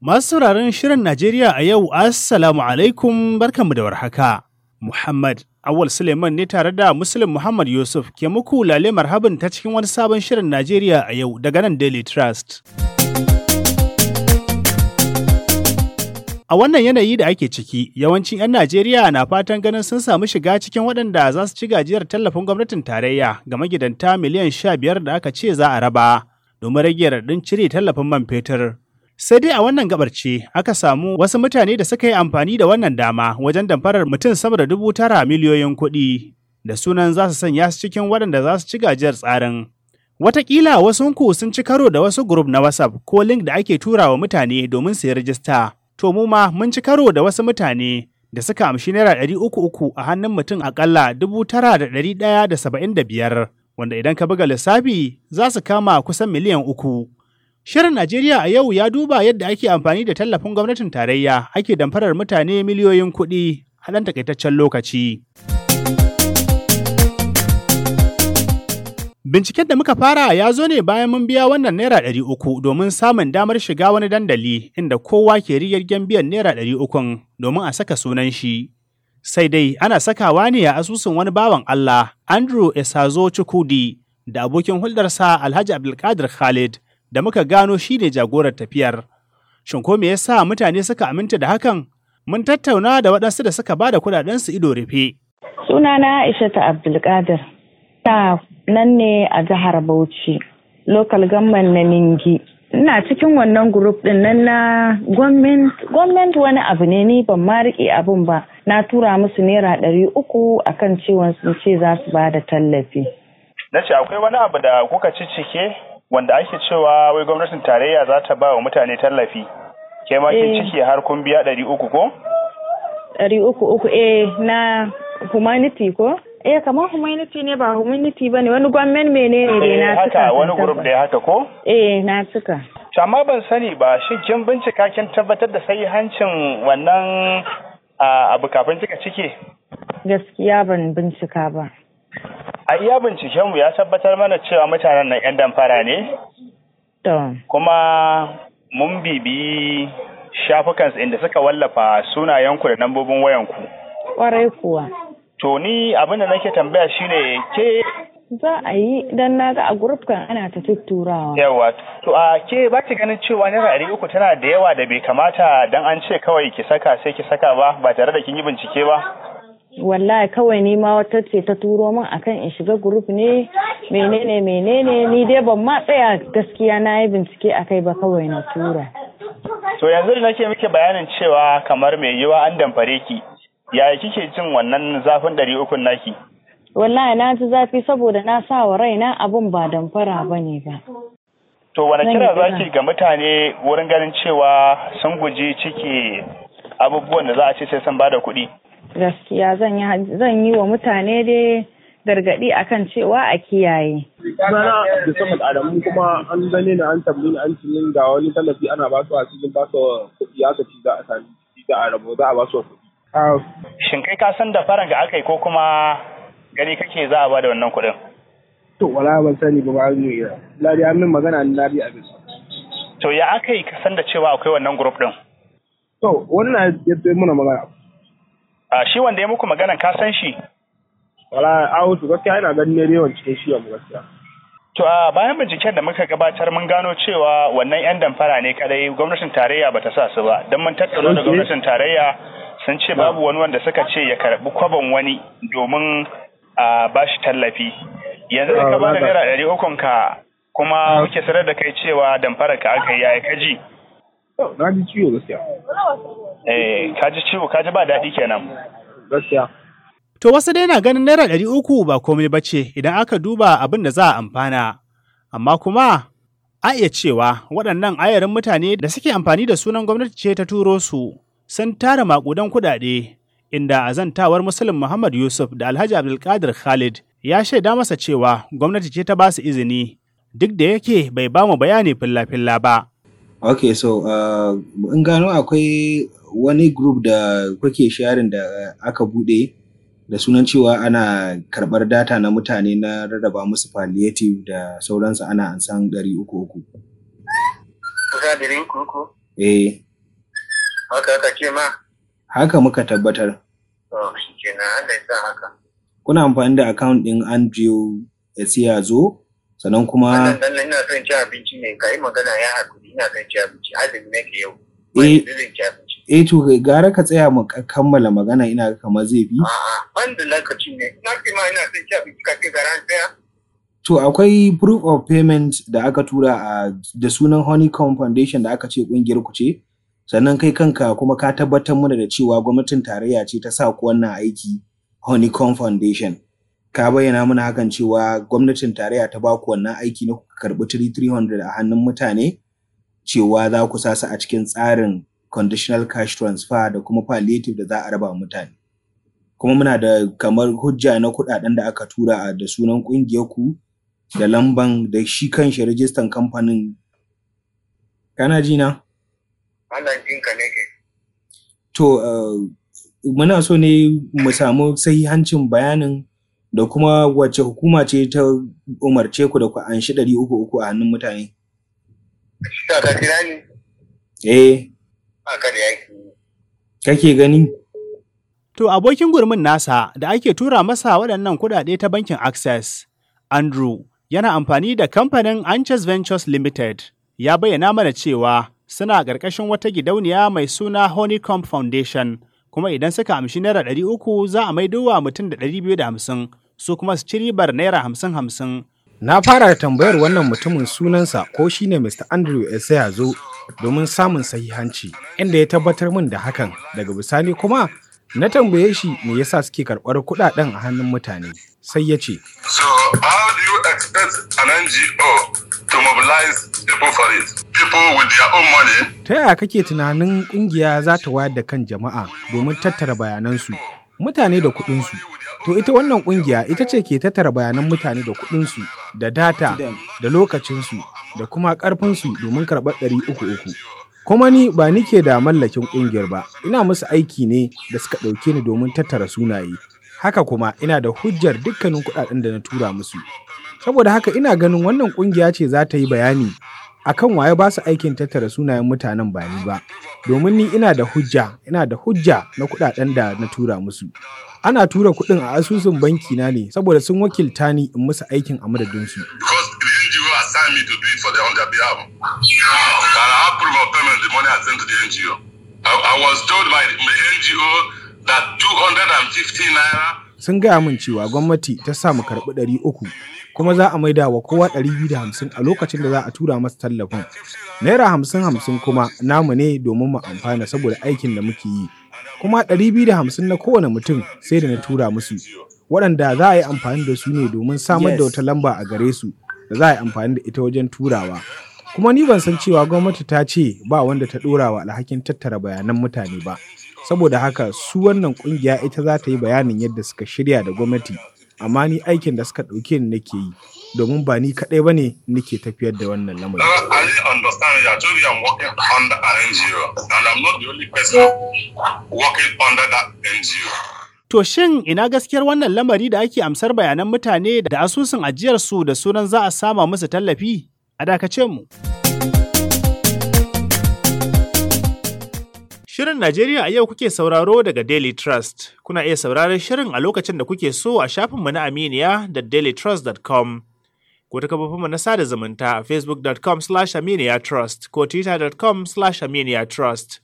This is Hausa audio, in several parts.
Masu sauraron Shirin Najeriya a yau, Assalamu alaikum barkanmu da warhaka. Muhammad Awal Suleiman ne tare da Muslim Muhammad Yusuf ke muku lale marhabin ta cikin wani sabon Shirin Najeriya a yau daga nan Daily Trust. A wannan yanayi da ake ciki, yawancin 'yan Najeriya na fatan ganin sun samu shiga cikin waɗanda za su ci gajiyar tallafin gwamnatin tarayya ga magidanta miliyan 15 da aka ce za a raba. domin rage raɗin cire tallafin man fetur. Sai dai a wannan gabar ce aka samu wasu mutane da suka yi amfani da wannan dama wajen damfarar mutum sama da dubu tara miliyoyin kuɗi da sunan za su sanya su cikin waɗanda za su ci gajiyar tsarin. Wataƙila wasunku sun ci karo da wasu grup na WhatsApp ko link da ake tura wa mutane domin su yi rijista. To mu ma mun ci karo da wasu mutane da suka amshi naira ɗari uku uku a hannun mutum aƙalla dubu tara da ɗari ɗaya da saba'in da biyar wanda idan ka buga lissafi za su kama kusan miliyan uku. Shirin Najeriya a yau ya duba yadda ake amfani da tallafin gwamnatin tarayya ake damfarar mutane miliyoyin kuɗi a ɗan takaitaccen lokaci. Binciken da muka fara ya zo ne bayan mun biya wannan Naira ɗari uku domin samun damar shiga wani dandali inda kowa ke rigar biyan Naira ɗari ukun domin a saka sunan shi. sai dai ana sakawa ne a asusun wani bawan Allah, Andrew Esazo Chukudi, da abokin hulɗarsa Alhaji Abdulkadir Khalid, da muka gano shi ne jagorar tafiyar. Shin ko me yasa mutane suka aminta da hakan? Mun tattauna da waɗansu da suka ba da kuɗaɗensu ido rufe. Sunana ta Abdulkadir. Na nan ne a jihar Bauchi, local gamman na Ningi. Ina cikin wannan grup din nan na gwamnati wani abu ne ni ban ma riƙe abun ba. na tura musu naira ɗari uku akan ciwon sun ce za su ba da tallafi. Na ce akwai wani abu da kuka cike wanda ake cewa wai gwamnatin tarayya za ta ba wa mutane tallafi. Ke ma kin eh. ciki har kun biya ɗari uku ko? Ɗari uku uku eh na humanity ko? Eh kamar humanity ne ba humanity ba ne wani gwamnati mene ne dai na cika. Eh, haka wani grup da haka ko? Eh na cika. amma ban sani ba shin kin bincika kin tabbatar da sai hancin wannan abu kafin kika cike? Gaskiya ban bincika ba. A iya mu ya tabbatar mana cewa mutanen nan 'yan damfara ne? Kuma mun bibi shafukan inda suka wallafa sunayenku da nambobin wayanku. Kwarai kuwa. To ni abin da nake tambaya shine ke za a yi dan na ga a gurfkan kan ana ta tutturawa yawa to a ke ba ki ganin cewa naira ɗari uku tana da yawa da bai kamata dan an ce kawai ki saka sai ki saka ba ba tare da kin yi bincike ba wallahi kawai ni ma wata ce ta turo min akan in shiga guruf ne menene menene ni dai ban ma tsaya gaskiya na yi bincike akai ba kawai na tura to yanzu da nake miki bayanin cewa kamar mai yiwa an damfare ki yaya kike jin wannan zafin ɗari ukun naki wallahi na ji zafi saboda na sa wa raina abun ba damfara ba ne ba to wani kira za ki ga mutane wurin ganin cewa sun guji ciki abubuwan da za a ce sai sun bada kuɗi gaskiya zan yi wa mutane dai gargaɗi akan cewa a kiyaye. Sana da saman adamu kuma an zane na an tambayi na an cinin ga wani tallafi ana ba su a cikin ba su kuɗi aka ci za a sami da a rabo za a ba su kuɗi. Shin kai ka san da faran ga aka yi ko kuma gani kake za a bada wannan kuɗin to wala ban sani ba ba mu iya ladi an min magana ni lari a bisu. to ya aka yi ka san da cewa akwai wannan group din to wannan ya tsaye muna magana a shi wanda ya muku magana ka san shi wala wasu gaskiya ina ganin ne yawan cikin shi mu gaskiya To a bayan binciken da muka gabatar mun gano cewa wannan 'yan damfara ne kadai gwamnatin tarayya bata sa su ba don mun tattaro da gwamnatin tarayya sun ce babu wani wanda suka ce ya karbi kwabon wani domin a bashi tallafi yanzu da ah, ba naira ɗari ukun ka kuma kuke ah. sanar da kai cewa damfara ka aka yi ka ji oh, na ji ciwo gaskiya eh ka ji ciwo ka ji ba daɗi kenan gaskiya to wasu dai na ganin naira ɗari uku ba komai ba ce idan aka duba abin da za a amfana amma kuma a iya cewa waɗannan ayarin mutane da suke amfani da sunan gwamnati ce ta turo su sun tara maƙudan kuɗaɗe inda a zantawar Musulun Muhammad Yusuf da Alhaji Abdulkadir Khalid ya shaida masa cewa gwamnati ce ta basu izini duk da yake bai ba mu bayani filla-filla ba. Ok, so uh, in gano akwai wani group da kuke sharing da aka bude da sunan cewa ana karbar data na mutane na rarraba musu palliative da sauransu ana ansan ɗari uku uku. Kusa uku uku? Eh. Haka aka ce ma? Haka muka tabbatar. kuna amfani da account din Andrew Esiazo sannan kuma ina son ci abinci ne magana ya hakuri ina son ci abinci azumi yau eh eh to gara ka tsaya mu kammala magana ina kamar zai bi ban da lokaci ne na ma ina son ci abinci ka ce gara tsaya To akwai proof of payment da aka tura a da sunan Honeycomb Foundation da aka ce kungiyar ku ce sannan kai kanka kuma ka tabbatar mana da cewa gwamnatin tarayya ce ta sa ku wannan aiki honeycomb foundation ka bayyana mana hakan cewa gwamnatin tarayya ta baku wannan aiki na ku karɓi 300 a hannun mutane cewa za ku sa su a cikin tsarin conditional cash transfer da kuma palliative da za a raba mutane kuma muna da kamar hujja na kuɗaɗen da aka tura da sunan ƙungiyar ku da lamban da shi kanshi rajistan kamfanin kana jina na? jin ka ke. to eh, muna so ne mu samu sahihancin bayanin da kuma wacce hukuma ce ta umarce ku da ku an shi ɗari uku uku a hannun mutane. Ka ka kira ni? Eh. Kake gani? To abokin gurmin nasa da ake tura masa waɗannan kuɗaɗe ta bankin Access, Andrew, yana amfani da kamfanin Anches Ventures Limited, ya bayyana mana cewa suna ƙarƙashin wata gidauniya mai suna Honeycomb Foundation, kuma idan suka amshi naira ɗari uku za a mai wa mutum da ɗari biyu da hamsin, su kuma su ci ribar naira hamsin hamsin. Na fara tambayar wannan mutumin sunansa ko shine Mr. Andrew zo domin samun sahihanci, inda ya tabbatar min da hakan daga bisani kuma na tambaye shi me yasa suke karɓar kuɗaɗen a hannun mutane sai ya ce. So, you expect an NGO to mobilize people for it? People with their own money? Ta yaya kake tunanin ƙungiya za ta wayar da kan jama'a domin tattara bayanansu, mutane da kuɗinsu? To ita wannan ƙungiya ita ce ke tattara bayanan mutane da kuɗinsu, da data, da lokacinsu, da kuma ƙarfinsu domin karɓar ɗari uku uku. Kuma ni ba ni ke da mallakin ƙungiyar ba, ina musu aiki ne da suka ɗauke ni domin tattara sunaye. haka kuma ina da hujjar dukkanin kuɗaɗen da na tura musu Saboda haka ina ganin wannan kungiya ce za ta yi bayani akan waye ba su aikin tattara sunayen mutanen ba ni ba. Domin ni ina da hujja, ina da hujja na kudaden da na tura musu. Ana tura kuɗin a asusun banki na ne saboda sun wakilta ni in musu aikin a madadinsu. su Sun gaya min cewa gwamnati ta sa mu karɓi ɗari uku kuma za a maida wa kowa 250 a lokacin da za a tura masa tallafin. Naira hamsin hamsin kuma namu ne domin mu amfana saboda aikin da muke yi. Kuma 250 na kowane mutum sai da na tura musu. Waɗanda za a yi amfani da su ne domin samar da wata lamba a gare su da za a yi amfani da ita wajen turawa. Kuma ni ban san cewa gwamnati ta ce ba wanda ta ɗora wa alhakin tattara bayanan mutane ba. Saboda haka su wannan ƙungiya ita za ta yi bayanin yadda suka shirya da gwamnati amma ni aikin da suka ɗauke ni nake yi domin ba ni kaɗai ba ne nake tafiyar da wannan lamarin. understand To shin ina gaskiyar wannan lamari da ake amsar bayanan mutane da asusun ajiyarsu da sunan za a sama musu tallafi? A dakace mu. Shirin Najeriya a yau kuke sauraro daga Daily Trust. Kuna iya sauraron shirin a lokacin da kuke so a shafinmu na Aminiya da dailytrust.com. Ko ta kafofinmu na sada zumunta a facebook.com slash aminiyatrust ko twitter.com slash aminiyatrust.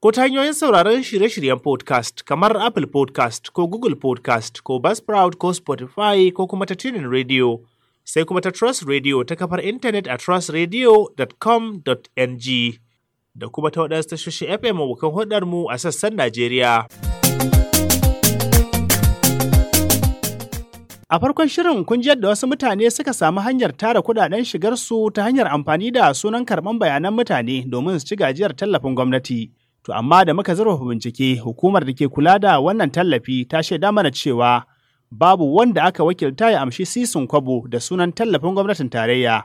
Ko ta hanyoyin sauraron shirye-shiryen podcast kamar Apple podcast ko Google podcast ko Buzzsprout ko Spotify ko kuma ta tunin radio. Sai kuma ta Trust Radio ta kafar intanet a trustradio.com.ng. da kuma ta waɗansu tashoshin FM abokan hudar mu a sassan Najeriya. A farkon shirin kun ji yadda wasu mutane suka samu hanyar tara kudaden shigarsu ta hanyar amfani da sunan karɓar bayanan mutane domin su ci gajiyar tallafin gwamnati. To amma da muka zurfafa bincike, hukumar da ke kula da wannan tallafi ta shaida mana cewa babu wanda aka wakilta ya amshi sisin kwabo da sunan tallafin gwamnatin tarayya.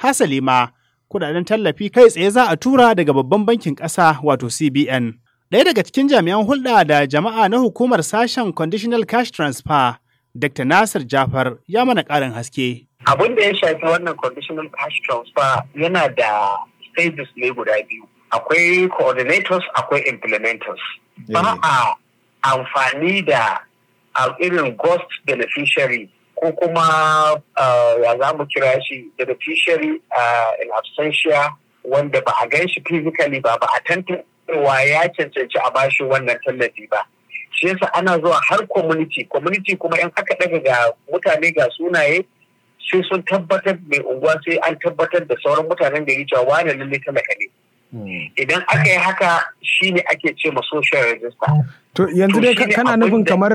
Hasali ma, kudaden tallafi kai tsaye za a tura daga babban bankin ƙasa wato CBN. Ɗaya daga cikin jami'an hulɗa da jama'a na hukumar sashen conditional cash transfer, Dr. Nasir Jafar ya mana ƙarin haske. Abin da ya shafi wannan conditional cash transfer yana da stages ne guda biyu. Akwai coordinators, akwai implementers. Ba eh. a amfani da irin ghost beneficiary ko kuma eh, ya za mu kira shi da beneficiary eh, in absentia wanda ba a gan shi physically ba ba a tantancewa ya cancanci a bashi wannan tallafi ba shi yasa ana zuwa har community community kuma in aka daga ga mutane ga sunaye sai sun tabbatar mai unguwa sai an tabbatar da sauran mutanen da ya cewa wani lalle talaka ne Hmm. idan aka yi haka shi ne ake ce ma social register to yanzu dai kana nufin kamar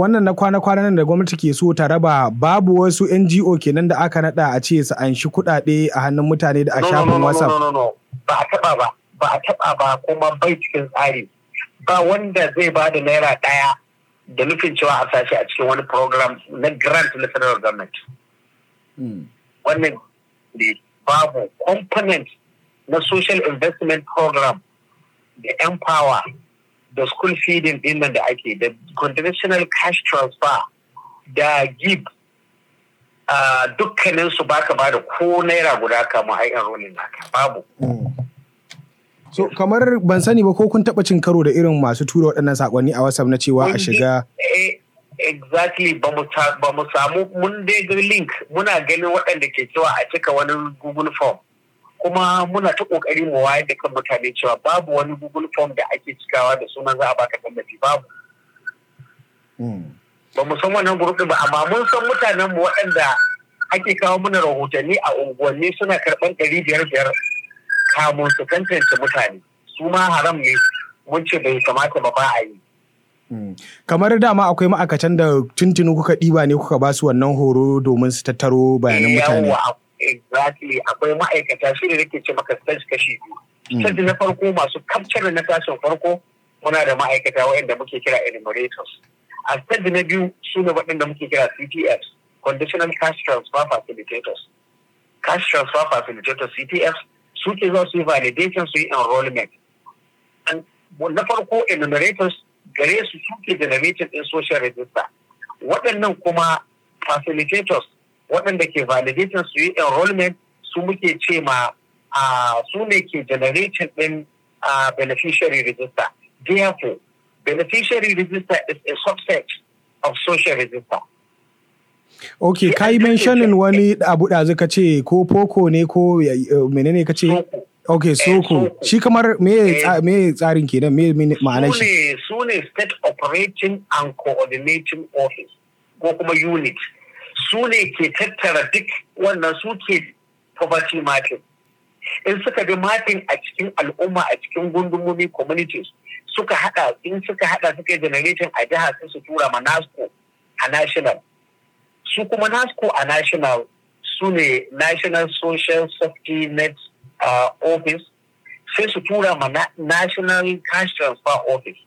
wannan na kwana-kwana nan da gwamnati ke so ta raba babu wasu NGO kenan da aka nada a ce su an shi kuɗaɗe a hannun mutane da a shafin WhatsApp. ba a taba ba ba a taba ba kuma bai cikin tsari ba wanda zai ba da naira ɗaya da nufin cewa a sashi a cikin wani program na grant na federal government. Hmm. Wannan babu component na social investment program da empower da school feeding din nan da ake da conditional cash transfer da gib uh, dukkanin su baka ba da ko naira guda kama ai rolin naka babu hmm. so kamar ban sani ba ko kun taba cin karo da irin masu tura waɗannan sakonni a whatsapp na cewa a shiga eh, exactly ba mu samu mun dai link muna ganin waɗanda ke cewa a cika wani google form kuma muna ta kokari mu wayar da kan mutane cewa babu wani google form da ake cikawa da sunan za a baka tallafi babu hmm. ba mu san wannan gurbin ba amma mun san mutanen mu waɗanda ake kawo mana rahotanni a unguwanni suna karɓar ɗari biyar biyar kamun su tantance mutane su ma haram ne mun ce bai kamata ba ba a yi hmm. kamar dama akwai ma'aikatan da tuntuni kuka ɗiba ne kuka ba su wannan horo domin su tattaro bayanan eh, mutane exactly akwai ma'aikata shi ne nake ce maka stage kashi biyu stage hmm. na farko masu capture na tashin farko muna da ma'aikata waɗanda muke kira enumerators a stage na biyu su ne waɗanda muke kira CTFs conditional cash transfer facilitators cash transfer facilitators CTFs suke za su yi validation su yi enrollment na farko enumerators gare su suke generating in social register waɗannan kuma facilitators waɗanda ke validation su yi enrollment su muke ce ma su ne ke generation ɗin beneficiary register. Therefore, beneficiary register is a subset of social register. Okay, ka yi mentionin wani abu da ka ce ko poko ne ko menene ka ce? Okay, eh, soko. Shi kamar eh. me tsarin kenan me ma'anar shi? Su ne state operating and coordinating office ko kuma unit. su ne ke tattara duk wannan su ke poverty mapping in suka bi mapping a cikin al'umma a cikin gundumomi communities suka hada in suka hada suka yi generation a jiha sai su tura ma nasco a national su kuma nasco a national su ne national social safety net uh, office sai su tura ma national cash transfer office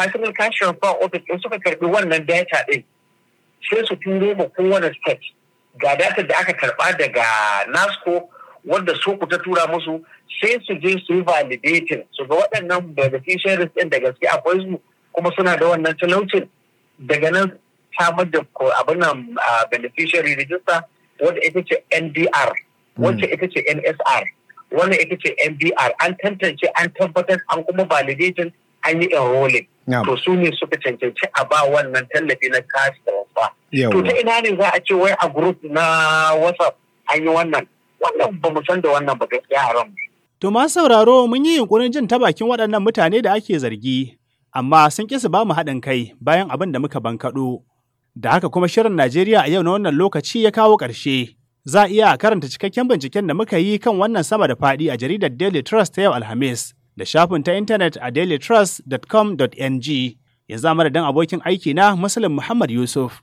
national cash transfer office in suka karbi wannan data din sai su turo ma kowane state ga data da aka karba daga nasco wanda su ku ta tura musu sai su je su yi validating su ga waɗannan beneficiaries ɗin da gaske akwai su kuma suna da wannan talaucin daga nan samar da abin nan beneficiary register wanda ita ce ndr hmm. wacce ita ce nsr wannan ita ce NDR. an tantance an tabbatar an kuma validating an yi enrolling to su ne suka cancanci a ba wannan tallafi na cash ba. To ta ina ne za a ce wai a group na WhatsApp an yi wannan. Wannan ba mu san da wannan ba gaskiya haram. To ma sauraro mun yi yunkurin jin ta bakin waɗannan mutane da ake zargi, amma sun ƙi su ba mu haɗin kai bayan abin da muka bankaɗo. Da haka kuma shirin Najeriya a yau na wannan lokaci ya kawo ƙarshe. Za a iya karanta cikakken binciken da muka yi kan wannan sama da faɗi a jaridar Daily Trust ta yau Alhamis da shafin ta intanet a dailytrust.com.ng. Yanzu a madadin abokin aiki na Muslim Muhammad Yusuf.